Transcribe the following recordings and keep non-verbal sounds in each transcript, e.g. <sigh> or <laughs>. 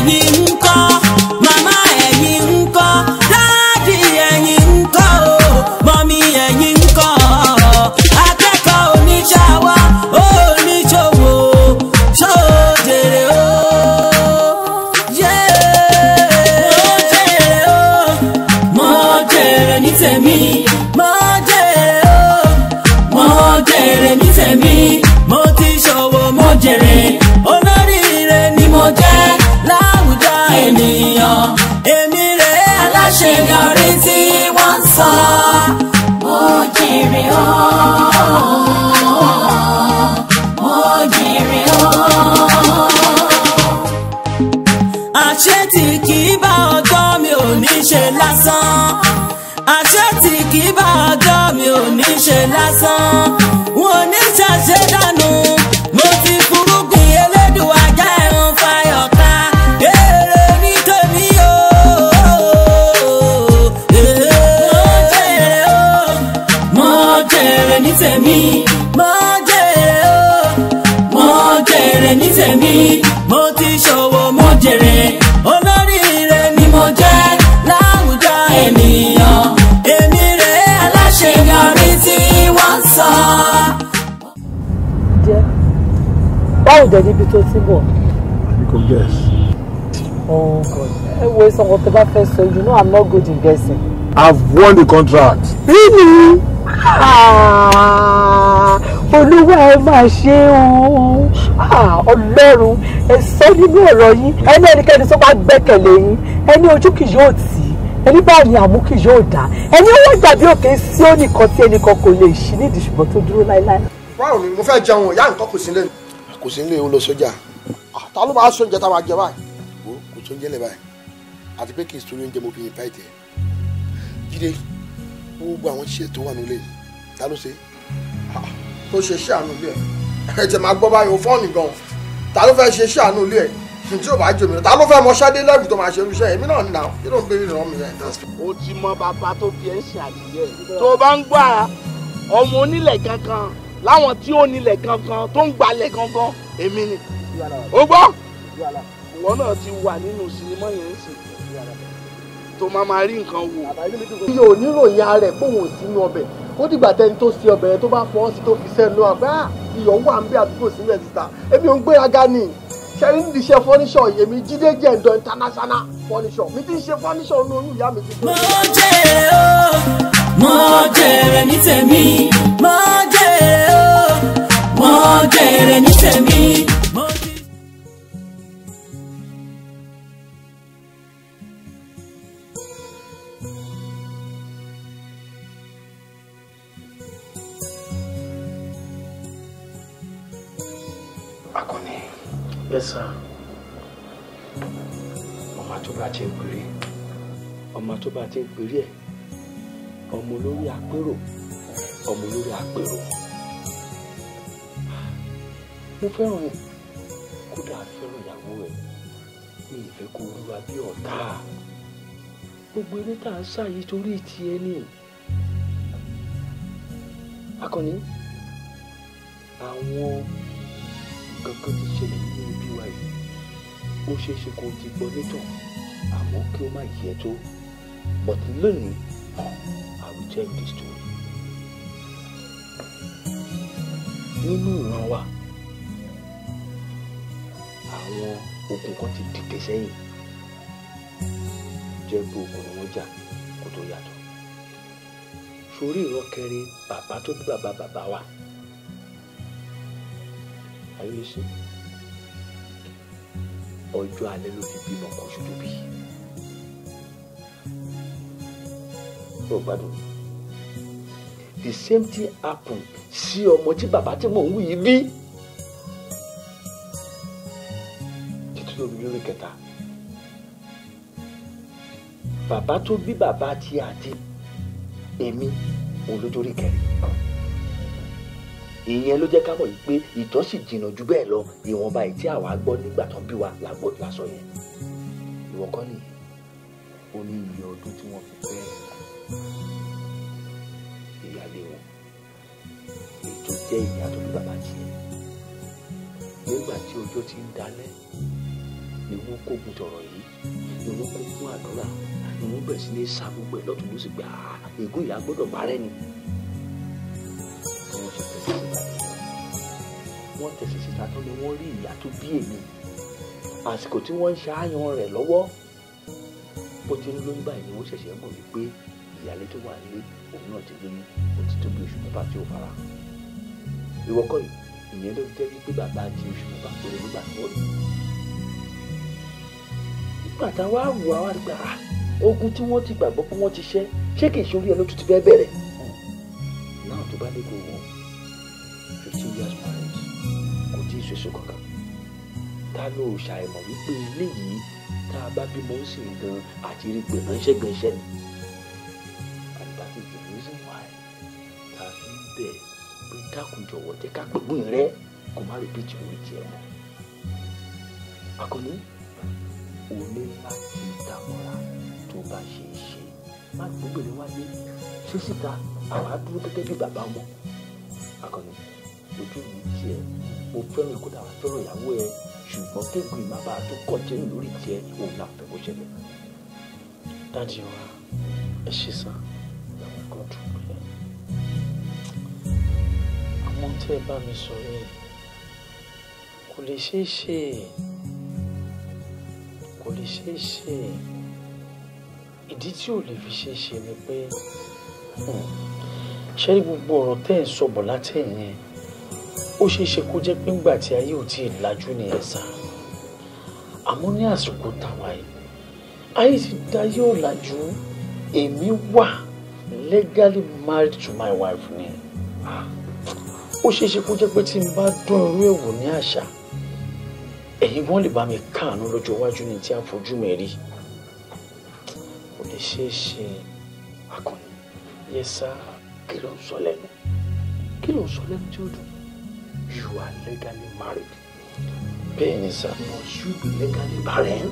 yeah. àṣẹ tí kì í bá ọjọ́ mi ò ní ṣe lásán. dẹ̀ níbi tó ti bọ̀. àbí kò guess. oh god ẹ wo isan kan bá fẹ́ sọ you know i'm not good in guessing. i've won the contract. really? <laughs> Ah, olúwa ẹ máa ṣe o ah, ọlọ́run ẹ sọ nínú ọ̀rọ̀ yín ẹni ẹnikẹ́ni tó bá gbẹ́kẹ̀lé yín ẹni ojú kì yóò tì í ẹni báwo ni àmú kì yóò dá ẹni owó dàbí òkè sí ó nìkan tí ẹnìkan kò lè ṣí nídìí ṣùgbọ́n tó dúró láéláé. báwo ni mo fẹ́ jẹun ìyá nǹkan kò sí lẹ́nu kò sí nílé olóò sójà ah, ta ló máa sóúnjẹ tá a máa jẹ báyìí wo kò sóúnjẹ lẹ báyìí àti pé kì í sóúnjẹ mo fi yín báyìí tẹ jíde gbogbo àwọn ṣiṣẹ́ tó wà nílé ta ló ṣe. Ah, ó ṣe ṣe àánú ilé ẹ ẹ̀jẹ̀ máa gbọ́ báyìí o fọ́ọ̀nì gan ta ló fẹ́ ṣe ṣe àánú ilé ẹ̀ tí o bá jẹ mi ta ló fẹ́ mọ ṣáde lẹ́bù tó máa ṣe irúṣẹ́ èmi náà nìyà kí ló ń bèrè ìrọ̀ mi yẹn. o ti mọ bàbá tó fi ẹ ń ṣàlìyẹ tó bá ń gbà ọmọ onílẹ̀ kankan láwọn tí ó nílẹ̀ gangan tó ń gbalẹ̀ gangan èmi ni ó gbọ́ ìwọ náà ti wà nínú sinimá yẹn ń sìn tó máa ma rí nǹkan wò. iye oníròyìn ara ẹ̀ bóun ò sí inú ọbẹ̀ ó dìgbà tẹni tó ṣe ọbẹ̀ yẹn tó bá fọ́ sí tó fi sẹ́nu àgbà ah, iyọ̀ wà ń bẹ àdúgbò sílẹ̀ síta èmi ò ń gbéraga ni ṣe ń ṣe fọ́níṣọ̀ èmi jíde jẹ́ ǹdọ̀ international fọ́níṣọ̀ mi ti ń ṣe fọ́níṣọ̀ olóyún ìyá mi ti gbé. mo jẹ́ o mo jèrè ní tèmi mo jèrè o mo jèrè ní tèmi. Akọni. Yes, sir. Ọmọ tó bá ti ń pèrè. Ọmọ tó bá ti ń pèrè ẹ̀ ọmọ olórí àpérò ọmọ olórí àpérò mo fẹ́ràn ẹ̀ kódà fẹ́ràn ìyàwó ẹ̀ ní ìfẹ́ kó olúwa bí ọ̀tá gbogbo eré tá a sá yìí torí ti ẹ ní akọni àwọn nǹkan kan ti ṣẹlẹ̀ nínú ẹbí wa yìí ó ṣeé ṣe kó o ti gbọ́ nítàn àmọ́ kí o má yẹ tó bọ̀tí lónìí we check the story. nínú ìran wa àwọn ogun kan ti dìde sẹ́yìn jẹ́ pé ogun ni wọ́n jà kó tó yàtọ̀ sórí ìran kẹrin bàbá tó bí bàbá bàbá wa àyèsí ọjọ́ alẹ́ ló fi bímọ kan ṣoṣo bí yóò gbádùn the same thing happen sí ọmọ tí bàbá tí mò ń wù yìí bí. títí tó bí lórí kẹta bàbá tó bí bàbá tí àti èmi olójórí kẹrin ìyẹn ló jẹ́ ká mọ̀ pé ìtọ́ sì jìnnà ju bẹ́ẹ̀ lọ ìwọ̀nba èyí tí àwa gbọ́ nígbà tó bí wa la gbọ́ lásọ yẹn ìwọ̀n kọ́ nìyẹn ó ní iye ọdún tí wọ́n fi fẹ́ẹ́ ìyáálé wọn ètò jẹ́ ìyá tó bí bàbá tiẹ̀ nígbà tí ọjọ́ ti ń dalẹ̀ ni wọ́n kógun tọ̀rọ̀ yìí ni wọ́n kógun àdúrà ni wọ́n bẹ̀rẹ̀ sí ní sa gbogbo ẹ̀ lọ́tún ló sì gbà á ègún ìyá gbọ́dọ̀ parẹ́ ni. wọ́n ṣe tẹ̀sí síta wọ́n tán ni wọ́n rí ìyá tó bí èmi àsìkò tí wọ́n ń ṣe àyàn rẹ̀ lọ́wọ́ bó ti ń lóyún báyìí ni wọ́n ṣẹ̀ṣẹ̀ mọ̀ wípé ìyáálé tó wà nílé òun náà ti lóyún ó ti tó bí oṣù mẹ́fà tí ó fara ìwọ kọ́ ìyẹn ló jẹ́ wípé bàbá di oṣù mẹ́fà péré nígbà tó wọ́n nígbà táwa wù wá wá gbà á ah, ogun tí wọ́n ti gbàgbọ́ pé wọ́n ti ṣẹ́ ṣé kìí ṣe orí ẹ ló tún ti fẹ́ bẹ̀rẹ̀ hmm. náà tó bá lè kó wọn fifteen years marriage kò tí ì ṣoṣo kankan ta ló ṣàìmọ̀ wípé eléyìí tá a bá bímọ ń sìn gan àti rí gbẹ̀ránṣẹ́ gbẹ̀ṣẹ́ ni. dákun jọ̀wọ́ jẹ́ ká pẹ̀lú rẹ kó má rìpíìtì orí tiẹ̀ mọ́. akọni o ní láti dàmọ́ra tó bá ṣe é ṣe má gbóbìnrin wáyé ṣé síta àwọn adúró gẹ́gẹ́ bí bàbá wọn. akọni ojú mi tiẹ̀ mo fẹ́ràn kódà wà fẹ́ràn ìyàwó ẹ ṣùgbọ́n kéèkù ìmábàá tó kọ̀ jẹ́ lórí tiẹ̀ òun là fẹ́ bó ṣẹlẹ̀. dáàdi wa ẹ ṣe sàn. God. tí ẹ bá mi sọ̀rọ̀ yìí kò lè ṣeé ṣe kò lè ṣeé ṣe ìdí tí ò lè fi ṣeé ṣe ni pé hmm, ṣé gbogbo ọ̀rọ̀ tẹ́ ẹ̀ sọ látẹ̀yìn ó ṣeé ṣe kó jẹ́ pé ńgbà tí ayé ò tí ì lajú nìyẹn sá àmọ́ ní àsìkò tàwa yìí ayé ti da yóò lajú èmi wà legally married to my wife ni. Ah ó ṣeé ṣe kó jẹ́ pé tí n bá dún irú èwò ní àṣà ẹ̀yin wọ́n lè bá mi káàánú lọ́jọ́ iwájú ní tí a fojú mi rí kò lè ṣeé ṣe akọni yẹsà kí ló ń sọ lẹ́nu kí ló ń sọ lẹ́nu tí ó dùn you are legally married bẹ́ẹ̀ ni sir you be legally barren.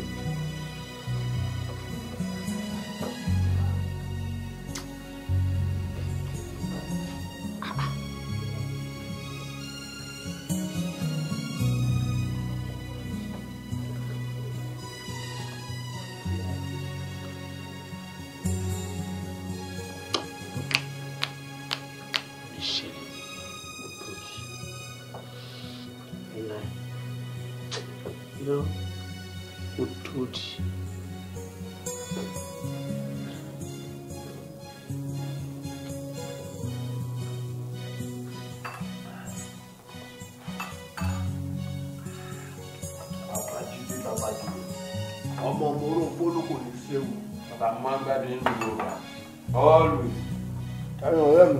irọ́ ó tóòdì. ọmọ ọmọ orógbó ló kò ní ṣe wò bàbá máa ń gbádùn nínú yorùbá ọlù. ẹ̀yin ọ̀rẹ́ mi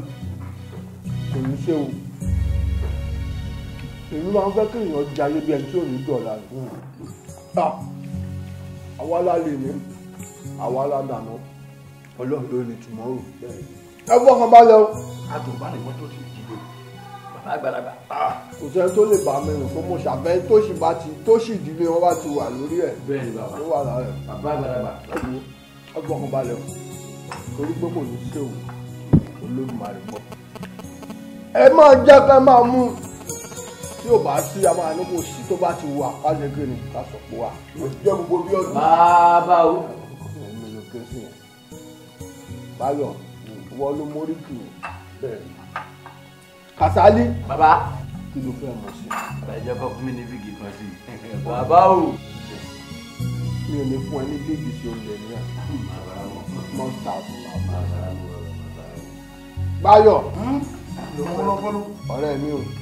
kò ní ṣe èmi máa ń fẹ́ kí èèyàn jayé bí ẹni tí ò ní dọ̀la rẹ̀ àwa la lè ní àwa la dànù ọlọ́run ló ní tomorrow ẹ fọkàn balẹ̀ o. àtùnbánimọ́ tó ti dìde bàbá àgbàlagbà. kò sẹ́ni tó lè bá mi rìn fún mo ṣàfẹ́ tó sì bá ti tó sì dílé wọn bá ti wà lórí ẹ̀. bẹ́ẹ̀ni bàbá ló wà lára ẹ̀. bàbá àgbàlagbà. ẹ fọkàn balẹ̀ o torí pé kò ní í ṣe òun olódùmarè mọ́. ẹ máa jẹ́ ká máa mú un tí bá sí a máa sí tó bá ti wà káṣe kí ni ká sọ pé wà. òjijọ́ gbogbo bí ọdún. bàbá o. èmi ló ké sí yẹn. báyọ̀ hmm. wọ́n mórí kì í. Kasali. bàbá. kí ló fẹ́ mọ̀ sí. bàbá ìjọ fún mi ní bíìgì kan sí <laughs> bàbá o. mi ò ní fún ẹ ní bíìgì tí o lè ní à. mọ́tà bàbá. báyọ̀. Hmm? ọ̀rẹ́ mi o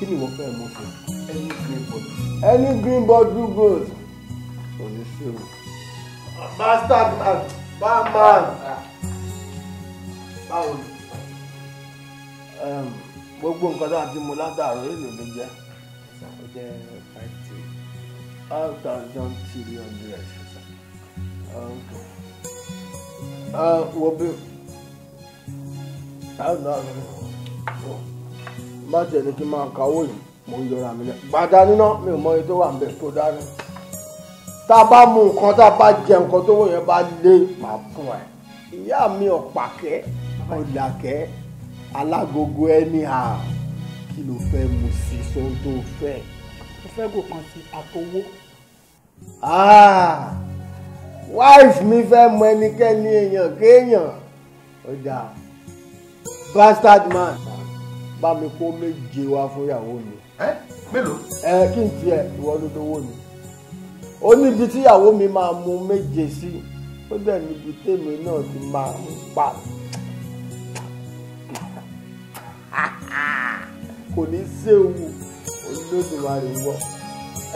kí ni wọ́n fẹ́ mú fún any green bud any green bud do good òní ṣòro Bastard man bad man báwo ni gbogbo nǹkan tá a ti mú ládàárọ̀ èlò ló jẹ́ ó jẹ́ five three five thousand three hundred okay eh, wo bí. I don't know bá tiẹ̀ ní kí n máa ka owó yìí mò ń yọra mi lẹ gbàdá níná mi ò mọ iye tó wà ń bẹ kó dání tá a bá mú nǹkan tá a bá jẹ nǹkan tó wọ yẹn bá lé màá fún ẹ ìyá mi ọ̀pàkẹ́ ọ̀làkẹ́ alágogo ẹni hà kí ló fẹ́ mu sí sóhun tó fẹ́. mo fẹ́ gò kan sí àtọwó. Ah! wife mi fẹ́ mọ ẹnikẹ́ni èèyàn kéèyàn ó bastard man bá mi kó méje wá fún ìyàwó mi. ẹ mélòó. ẹ kí n tiẹ̀ ìwọ ló dówó mi. ó níbi tí ìyàwó mi máa mu méje sí ó dẹ̀ níbi tèmi náà ti máa ń pa. <laughs> kò ní séwu olódùmarè wọ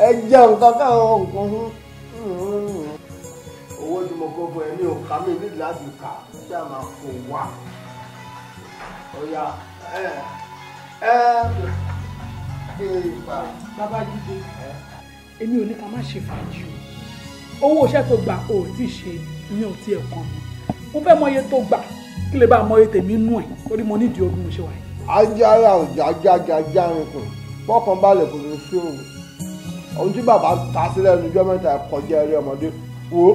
ẹ jẹun kankan nǹkan mm-hmm. owó tí mo kó fún ẹ ní òkà mi nídìí láti kà ṣáà máa kó wá ọ̀ya ẹ̀. Babájídé èmi ò ní ká má ṣe fàájì o owó iṣẹ́ tó gbà o ò tí ì ṣe ní òtí ẹ̀ kan mo fẹ́ mọ iye tó gbà kí lè bá mọ iye tèmi nù ẹ̀ torí mo nídìí ogun mo ṣe wà yìí. ajára ọjà jájà járin kù fọkàn balẹ̀ kò ní sí òun ohun tí bàbá ta sílẹ̀ níjọ́ mẹ́ta kọjá eré ọmọdé wo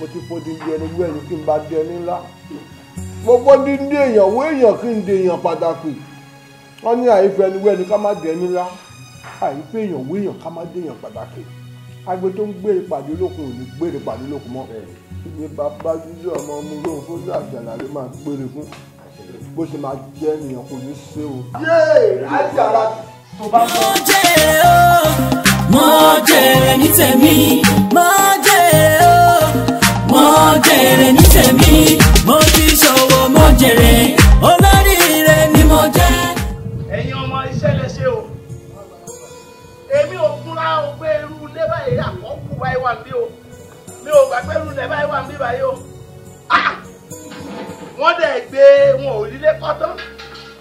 mo ti fo dídí ẹni gbé ẹni kí n bá di ẹni ńlá mo fo dídí èèyàn wo èèyàn kí n di èèyàn pàtàkì wọ́n ní àìfẹ́ ẹni wẹ́ni ká má dẹ̀ ẹni ńlá àìfẹ́ èèyàn wéèyàn ká má dé èèyàn pàtàkì agbe tó ń gbére pàdé lókun ò ní gbére pàdé lókun mọ́ ní bàbá jíjọ́ ọmọ ọmọ olóhùn fún àjàlá ló máa gbére fún bó ṣe máa jẹ́ ènìyàn kò ní ṣe o. mo jèrè o mo jèrè ní tèmi mo jèrè o mo jèrè ní tèmi mo ti ṣòwò mo jèrè. mi ò fúnra o pé irú ilé báyìí àkọ́kù báyìí wà níbí o mi ò gbà pé irú ilé báyìí wà níbí báyìí o ah! wọ́n dẹ̀ gbé wọn ò lílé kọ́tán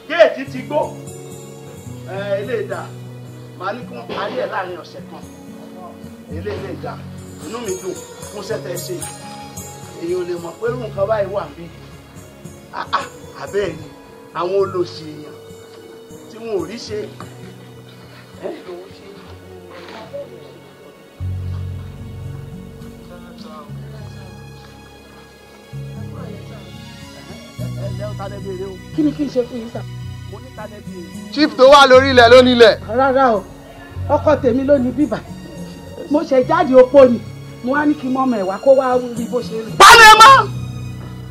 géètì ti gbó ilé ìdá màá ní kí wọ́n parí ẹ̀ láàrin ọ̀sẹ̀ kan ilé ilé ìdá inú mi dùn fún sẹ́tẹ̀ ṣe èyí ò lè mọ̀ pé irú nǹkan báyìí wà níbí ah, ah, àbẹ́ẹ̀ àwọn olóṣèèyàn tí wọn ò rí ṣe. chief tó wà lórí ilẹ̀ ló nílẹ̀. rárá o ọkọ tèmi ló ní bíbà mo ṣe jáde opó ni mo wá ní kí mọ́mọ́ ẹ̀ wá kó wá rí bó ṣe rí. pálẹ̀ mọ́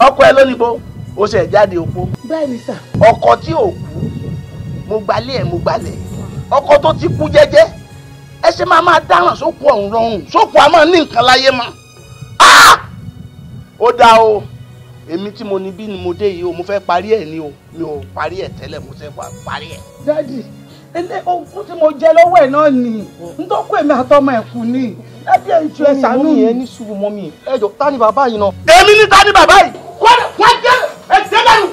ọkọ ẹ lónìí bó o ṣe jáde opó. bẹ́ẹ̀ni sà. ọkọ tí ò kú mo gbalẹ̀ ẹ̀ mo gbalẹ̀ ọkọ tó ti kú jẹ́jẹ́ ẹ ṣe máa máa dáràn sókun ọ̀hún rọrùn sókun a máa ní nǹkan láyé mọ́ ó dá o èmi tí mo ní bí ni mo dé yìí o mo fẹ́ parí ẹ̀ ni o mi ò parí ẹ̀ tẹ́lẹ̀ mo fẹ́ parí ẹ̀. dádì ilé ogún tí mo jẹ lọ́wọ́ ẹ̀ náà nì ntọ́kù èmi àtọmọ ẹ̀ kù ní dádì ẹ̀ ju ẹ̀ sànú mi. ẹni sùúrù mọ́ mi ẹ jọ tani ni bàbá yìí náà. èmi ni ta ni bàbá yìí. wọ́n wọ́n jẹ́ ẹ jẹ́ lẹ́nu.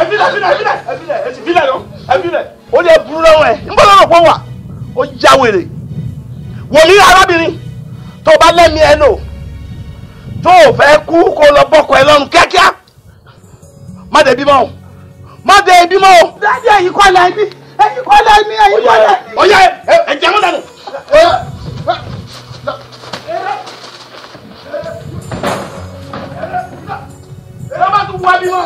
ẹ bí lẹ̀ ẹ bí lẹ̀ ẹ bí lẹ̀ ẹ bí lẹ̀ ẹ bí lẹ̀ ó lè burú lọ́wọ́ ẹ̀ níbo lọ́rọ̀ pọ̀ wà ó já wòlíì arábìnrin tó bá lẹ́mìí ẹ̀ náà tó o fẹ́ kú kó lọ bọ́kọ ẹ lọ́rùn kíákíá má dé bímọ o má dé bímọ o. dájú ẹ̀yin kọ́ la ní ẹ̀yin kọ́ la ní ẹ̀yin kọ́ la ní. ọ̀yá ẹ̀jẹ̀ wọn dànù. ẹ má tún wá bímọ.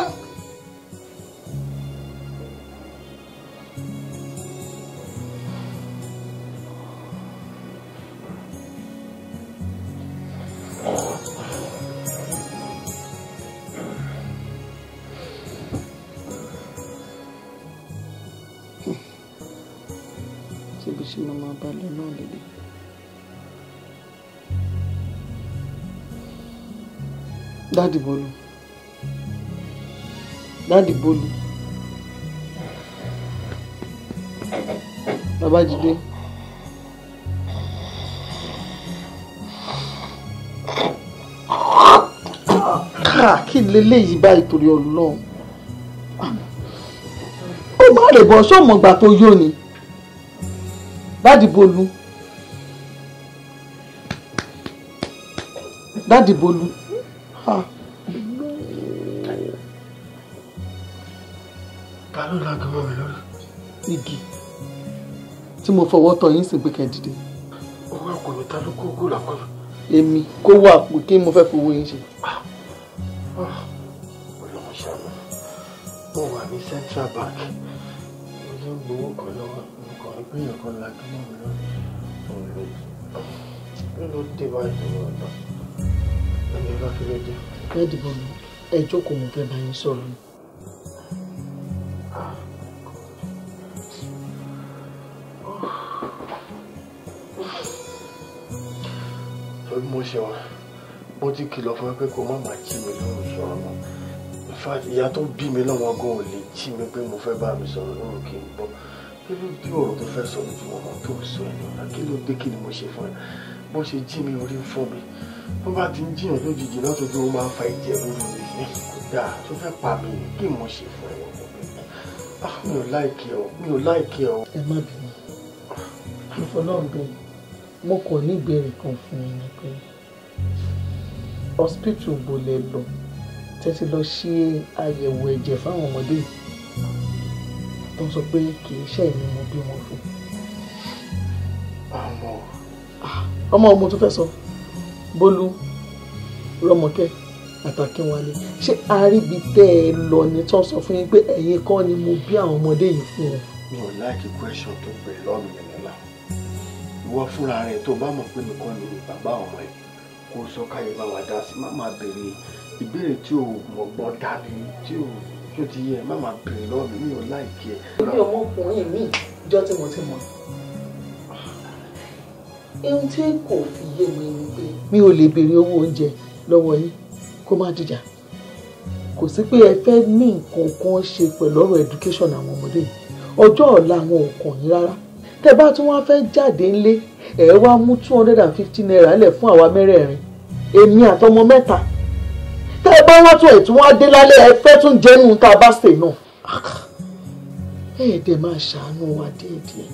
ṣe máa máa bá lọ náà lélẹ̀. dáàdì bọ́lú dáàdì bọ́lú babájídé. kí leléyìí báyìí torí ọlọ́run ó bá rè bọ́ sọ́mọ̀gbà tó yó ni dáàdì bolú dáàdì bolú ta ló la gbọ́ mi lórí. igi tí mo fọwọ́ tọ yín sì gbé kẹ́dìdé. owó àpò mi ta ló kó kó làpọ̀ mi. èmi kó wọ àpò kí mo fẹ́ fowó yín ṣe. ọlọ́run ah. ah. ṣàánú mo wà ní central bank ń gbowó kan lọ́wọ́ nǹkan ìpínyàn kan lajú mọ́ mi lọ òun ló kí ló dé báyìí tó wọ́n lọ ẹni bá kí ló dé. ẹ dìbò mi que jókòó mo fẹ́ bá yín sọ̀rọ̀ ni. Ah, mo ṣe wọn mo ti kìlọ̀ fún ẹ pé kó má má kí mi lóhùn sọ̀rọ̀ mọ́ ìyá tó bí mi jí mi pé mo fẹ́ bá mi sọ̀rọ̀ lóru kí n gbọ́ kí ló dé ọ̀rọ̀ tó fẹ́ sọ lójú ọmọ tó sọ ẹni ọ̀la kí ló dé kí ni mo ṣe fún ẹ bó ṣe jí mi orí ń fọ́ mi wọ́n bá ti ń jiyàn lójijì náà tójú ó máa ń fa ìjẹ́ lóru mi kò dáa tó fẹ́ pa mi ní kí mo ṣe fún ẹ ọmọ ah, mi ò láìkí ọ mi ò láìkí ọ. ẹ má bínú ìfọlọ́ọ̀bẹ mo kò ní ìbéèrè kan fún yín ni pé hospital lọ tẹ́tí lọ ṣe àyẹ̀wò ẹ̀jẹ̀ fáwọn ọmọdé yìí tó ń sọ pé kì í ṣe èmi mo bí wọn fún. ọmọ ọmọ mo tún fẹ́ sọ bólú rọmọkẹ́ àtàkínwálé ṣé àríbi tẹ́ ẹ lọ ni tó ń sọ fún yín pé ẹ̀yin kọ́ ni mo bí àwọn ọmọdé yìí fún ọ. mi ò láìkí question tó bẹ̀rẹ̀ lọ́nu yẹn lọ́la ìwọ fúnra rẹ tó bá mọ̀ pé nìkan ni bàbá ọmọ ẹ kó sọ káyé bá wa dá sí má má béèrè ìbéèrè tí ò mọ̀gbọ́n dání tí ò tó ti yẹ má máa bèrè lọ́wọ́ mi mi ò láìkí ẹ. ibi ọmọkùnrin mi jọ tí mo ti mọ ohun tí kò fi yé mi ni pé mi ò lè béèrè owó oúnjẹ lọ́wọ́ yín kó má dìjà kò sí pé ẹ fẹ́ ní nǹkan kan ṣe pẹ̀lú ọ̀rọ̀ education àwọn ọmọdé yìí ọjọ́ ọ̀la àwọn ò kàn yín rárá tẹ bá tún wá fẹ́ jáde ńlé ẹ wá mú two hundred and fifty naira lẹ̀ fún àwa mẹ́rẹ̀ẹ̀rin èmi àtọmọ mẹ́ta tẹ́ ẹ bá wọ́n tún ẹ̀ tí wọ́n á dé lálẹ́ ẹ fẹ́ tún jẹ́ nù tá a bá sè náà. ẹ̀ẹ́dẹ̀ máa ṣàánú wa díẹ̀díẹ̀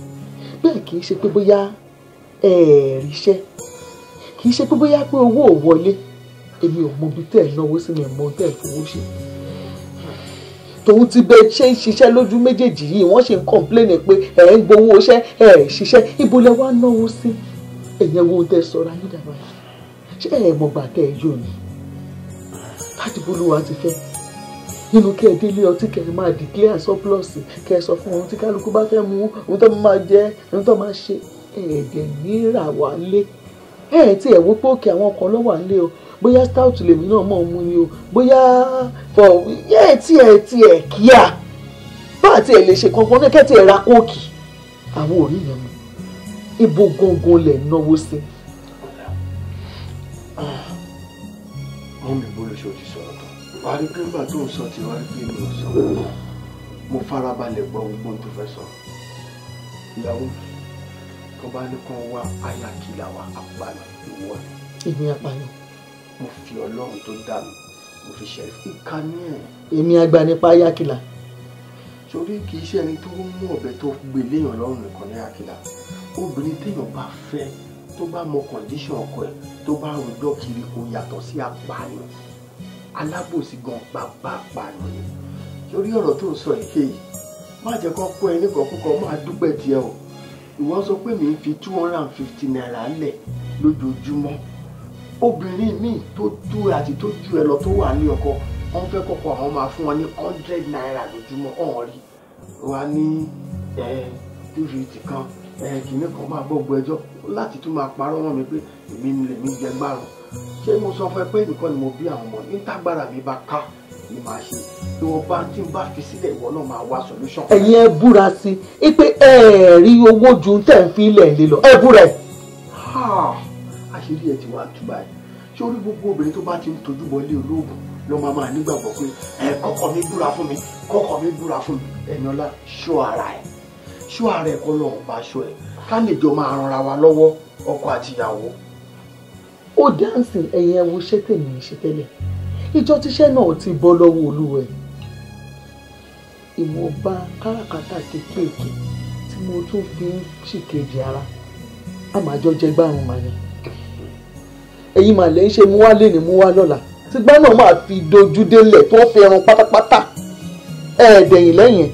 bẹ́ẹ̀ kì í ṣe pé bóyá ẹ̀ẹ́rìṣẹ́ kì í ṣe pé bóyá pé owó ò wọlé èmi ò mọ ibi tẹ́ ẹ̀ náwó sí mi ò mọ tẹ́ ẹ̀ fowó ṣe tòun ti bẹ ṣe ń ṣiṣẹ́ lójú méjèèjì yìí wọ́n ṣe ń kọ̀ǹpléènì pé ẹ̀ ń gbowó iṣẹ́ ẹ̀ ṣiṣẹ́ ibo lẹ wá náwó sí ẹ̀yẹ̀wò tẹ sọ̀rọ̀ ayédàbà ṣé ẹ̀ mọ̀gbà tẹ ẹ yóò ní láti bolúwa ti fẹ́ nínú kí ẹ délé ọtí kẹ ẹ máa declare surplus kẹ ẹ sọ fún ohun tí kálukú bá fẹ́ mu ohun tó máa jẹ ohun tó máa ṣe ẹ̀ẹ́dẹ̀ níra wà lé ẹ̀ẹ́ tí ẹ̀ wó pé òkè àwọn kan lọ́wọ́ lé o bóyá stout lèmi náà mọ̀ mu ni o bóyá fọ ẹ̀ tí ẹ̀ tí ẹ̀ kíá bá àti ẹ̀ lè ṣe kankan náà kẹ́tì ẹ̀ ra kóòkì àwọn ò rí yẹn mu ibo gangan lẹ̀ náwó sí wàá rí pé nígbà tó ń sọ tiwa rí pé mi ò sọ mo farabalẹ̀ gbọ́ gbogbo ohun tó fẹ́ sọ ìyàwó mi tó bá ní kán wá ayakìlà wa apààyàn ìwọ ni. èmi apààyàn. mo fi ọlọ́run tó dà mí mo fi ṣe ìka ní ẹ̀. èmi àgbà nípa ayakìlà. torí kì í ṣe ẹni tó mú ọ̀bẹ tó gbé léèyàn lọ́rùn nìkan ní ayakìlà obìnrin téèyàn bá fẹ́ tó bá mọ kọ̀ǹdíṣàn ọkọ ẹ̀ tó bá rojọ́ kiri kò yàtọ̀ sí apààyàn alábòsí gan bàbá pàánù ni torí ọ̀rọ̀ tó ń sọ èké yìí má jẹ́ kó kó ẹni kọ̀ọ̀kan kan máa dúpẹ́ tiẹ̀ o ìwọ sọ pé mi ń fi two hundred and fifty naira lẹ̀ lójoojúmọ́ obìnrin míì tó tú àti tó ju ẹ lọ tó wà ní ọkọ wọn fẹ́ kọ́kọ́ àwọn máa fún wọn ní hundred naira lójúmọ́ ọ̀hún rí wa ní two fifty kan kìnnìkan máa gbọ́ gbọ́ ẹjọ́ láti tún máa parọ́ wọn mi pé èmi ni lèmi jẹ gbàrún ṣé mo sọ fún ẹ pé nìkan ni mo bí àwọn ọmọ ní tágbára mi bá ká ni màá ṣe tí wọn bá tí n bá fi sílẹ̀ ìwọ náà máa wá solution. ẹ̀yin ẹ búra sí i pé ẹ rí owó ju tẹ̀ ń fi ilẹ̀ lè lọ ẹ búra ẹ̀. àṣírí ẹ ti wá tú báyìí ṣé orí gbogbo obìnrin tó bá ti ń tojú bọlé olóògùn ló máa máa nígbàgbọ́ pé ẹ kọ́kọ́ mi búra fún mi kọ́kọ́ mi búra fún mi ẹni ọlá ṣọ́ ara ẹ̀ ṣọ́ ara ẹ̀ kọ́ lọ́ọ̀ bá ṣọ́ ẹ̀ ká lè jọ máa ranra wa lọ́wọ́ ọkọ àtìyàwó ó dáǹsì ẹ̀yìn ẹ̀wò iṣẹ́ tèmi ń ṣe tẹ́lẹ̀ ìjọ tíṣẹ́ náà ti bọ́ lọ́wọ́ olúwa ẹ̀ ìwọ̀nba káràkátà kéékèèké tí mo tún fi ń ṣìkejì ara a máa jọ jẹ gbárùn màá yẹn ẹ̀yin màlẹ́ ń ṣe mú wá lé ní mú wá lọ́la tìgbà náà máa fi dojú délẹ̀ tó fẹ́ràn pátápátá ẹ̀ẹ́dẹ̀yìn lẹ́yìn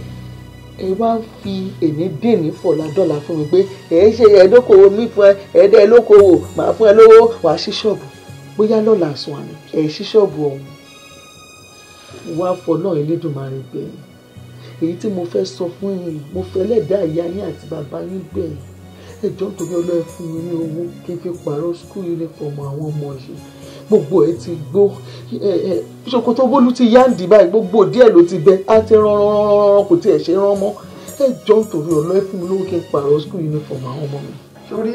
ẹ wá ń fi èmi dèní fọ̀lá dọ́là fún mi pé ẹ ṣe ẹ̀ẹ́dókòwò mi fún ẹ ẹ̀ẹ́dẹ́ lókòwò màá fún ẹ lówó wàá ṣí ṣọ́ọ̀bù bóyá lọ́la àsùn àná ẹ̀ ṣí ṣọ́ọ̀bù ọ̀hún wá fọlọ́ Elédùmarè bẹ́ẹ̀ èyí tí mo fẹ́ sọ fún yín mo fẹ́ lẹ́dàá ìyá yín àti bàbá yín bẹ́ẹ̀ ẹjọ́ nítorí ọlọ́ọ̀ fún mi ní owó kí n fi pààrọ̀ skul yunifọ̀mù àwọn ọmọ yìí gbogbo ẹ ti gbó ṣòkòtò bólú ti yáǹdì báyìí gbogbo díẹ̀ ló ti bẹ á ti rán rán rán rán kò tiẹ̀ ṣe rán mọ́ ẹ jọ ń torí ọ̀lọ́ ẹ fún mi lówó pààrọ̀ school uniform àwọn ọmọ mi. torí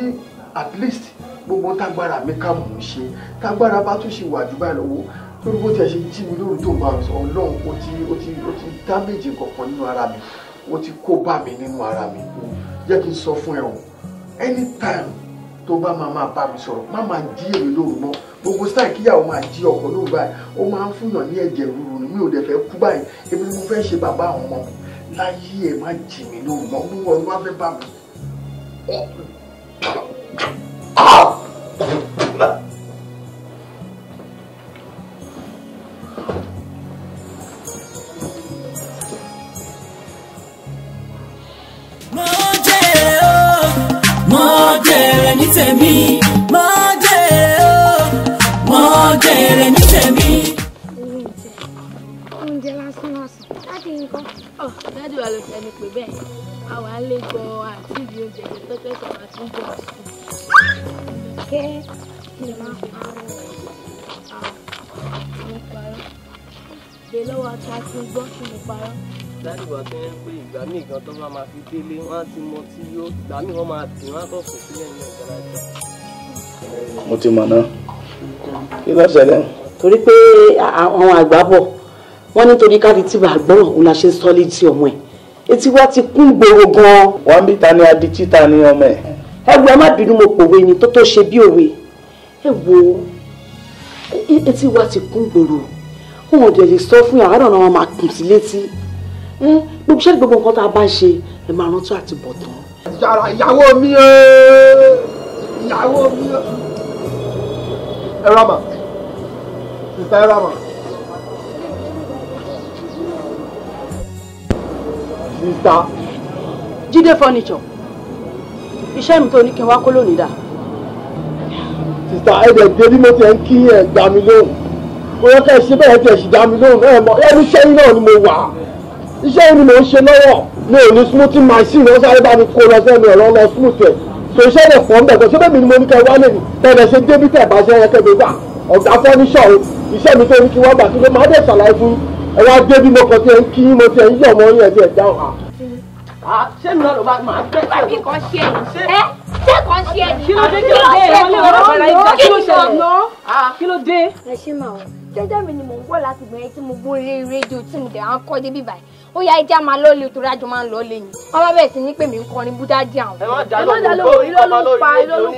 at least gbogbo tágbára mi ká mò ń ṣe tágbára bá tún ṣe wà jù báyìí lọ́wọ́ lórí bó tiẹ̀ ṣe jí mi lóru tó bá mi sọ ọlọ́run ó ti ó ti ó ti dáméjì kankan nínú ara mi ó ti kó bá mi nínú ara mi jẹ́ kí n sọ fún ẹ o anytime tó bá máa máa bá mi sọ̀rọ̀ má máa jí èmi lóru mọ́ gbogbo sáà kíyàwó máa jí ọkọ lóru báyìí ó máa ń fúnyàn ní ẹ̀jẹ̀ rúru mi ò dẹ̀ fẹ́ kú báyìí èmi mo fẹ́ ṣe bàbá ọmọ láyé ẹ̀ má jì mí lóru mọ́ mú wọn wá fẹ́ bá mi. mo jèrè o mo jèrè ní tèmi. nǹkan ló fẹ́ ni pé bẹ́ẹ̀ àwọn alẹ́ gbọ́ àtìrí oúnjẹ tẹ́tẹ́ sọ̀rọ̀ àti oúnjẹ ọ̀sùn. kí tó yẹ pé ìgbà míì gan tó bá máa fi délé wọn á ti mọ tí yó ìgbà míì wọn máa tì wọn á kọ̀ kò sílẹ̀ ní ìgbàlájà. mo ti mọ̀ náà kí ló ṣẹlẹ̀. torí pé àwọn àgbà bọ̀ wọ́n nítorí ká fi tìbà gbọ́ràn òun la ṣe ń sọ́lé ọmọ ẹ̀ etí wa ti kún gbòòrò gan-an. wọ́n bí ta ni adití ta ni ọmọ ẹ̀. ẹ wo ẹ má bínú mo pòwe ni tó tó ṣe bí òwe ẹ wo e-, etí wa ti kún gbòòrò wọn ò dẹ̀ lè sọ fún yàrá náà wọn máa kùn sí létí gbogbo ṣẹ́ni gbogbo nǹkan tá a bá ń ṣe ẹ máa rántí àti bọ̀ tán. ìyàwó mi o ìyàwó mi o ẹ rà mà ẹ rà mà. sista. Jídé furniture iṣẹ́ mi tó ní kí n wá kó lónìí dà. sista ẹ dẹ̀ dé bí mo ti ń kí ẹ gbà mí lóhùn mo yẹ ká ẹ ṣe bẹ́ẹ̀ tí ẹ sì dá mi lóhùn ẹ mọ ẹni iṣẹ́ yín náà ni mo wà iṣẹ́ yín ni mo ń ṣe lọ́wọ́ mi ò ní smoothie machine ó sáré bá mi kó lọ sẹ́nu ẹ̀rọ lọ smooth ẹ̀ tó iṣẹ́ rẹ̀ pọ̀ ń bẹ̀ kọ́ ṣé bẹ́ẹ̀ mi ni mo ní kẹ́ wálé ni tẹ̀lé ṣe débítẹ̀ bá ṣe yẹ kẹ́ mi gbà ọ̀gá fọ́níṣọ̀ ẹ wá bí mo kàn tí ẹ ń kí mo tí ẹ ń yọ̀ mọ́ yín ẹ̀ bí ẹ dáhùn ah, ṣé mi náà ló bá máa bẹ́ẹ̀ bá mi kàn ṣe ẹ̀yìn ṣé ṣé kàn ṣe ẹ̀yìn kí ló dé kí ló dé ìwọlé ọ̀rọ̀ ọ̀rọ̀ ìgbà kí ló ṣẹlẹ̀ ah, kí ló dé. ẹ ṣe máa jẹjẹ mi ni mò ń wọ láti gbẹ̀yìn tí mo gbórí rédíò tí mo dẹ̀ à ń kọ́ débi báyìí ó yá ẹja máa lọ lè torí àjọ máa ń lọ lè yìn wọn bá bẹ̀rẹ̀ sí ní pèmí ń kọrin búdá dí àwọn. ẹ má dá lóhùn irọ́ ló ń pa irọ́ ló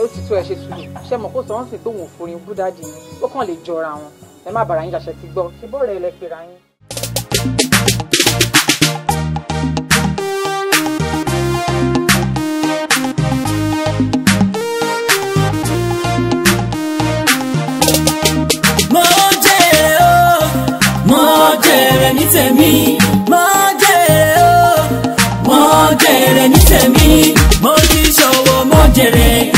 ó ti tó ẹ ṣe tuntun ṣe mọ̀ kó sọ wọ́n sì pé òun ò forin búdá dì í ó kàn lè jọra wọn ẹ má bàrà yín jàṣẹ ti gbọ́ ṣé bọ́ọ̀lù ẹ lẹ pera yín. mo jèrè o mo ní tèmi mo ní tèmi mo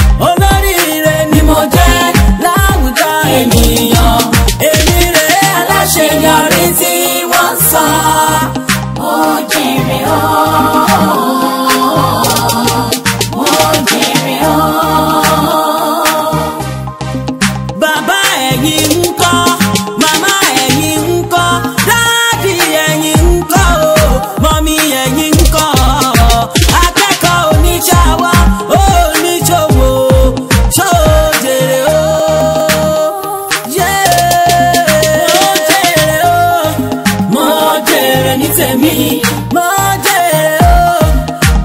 tèmi mo jèrè o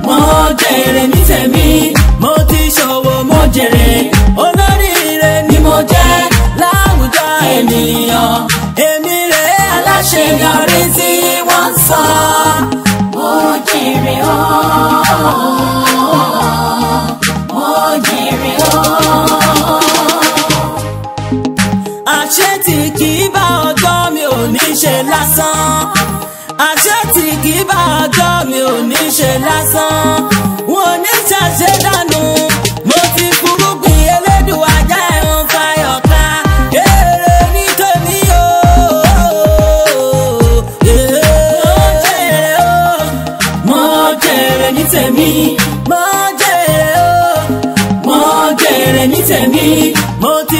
mo jèrè ní tèmi mo ti ṣòwò mo jèrè olóríire ni mo jẹ́ láwùjọ ènìyàn èmi rè aláṣeyọrí tí wọ́n sọ mo jèrè o mo jèrè o. àṣetì kì í bá ọjọ́ mi ò ní ṣe lásán bá ọjọ́ mi ò ní ṣe lásán wọn ò ní ṣàṣẹ dànù mo ti fúrúgbìn elédùn ajá ẹran fayọ̀ ká èrè ní tèmi o. mo jèrè o mo jèrè ní tèmi mo jèrè o mo jèrè ní tèmi mo ti.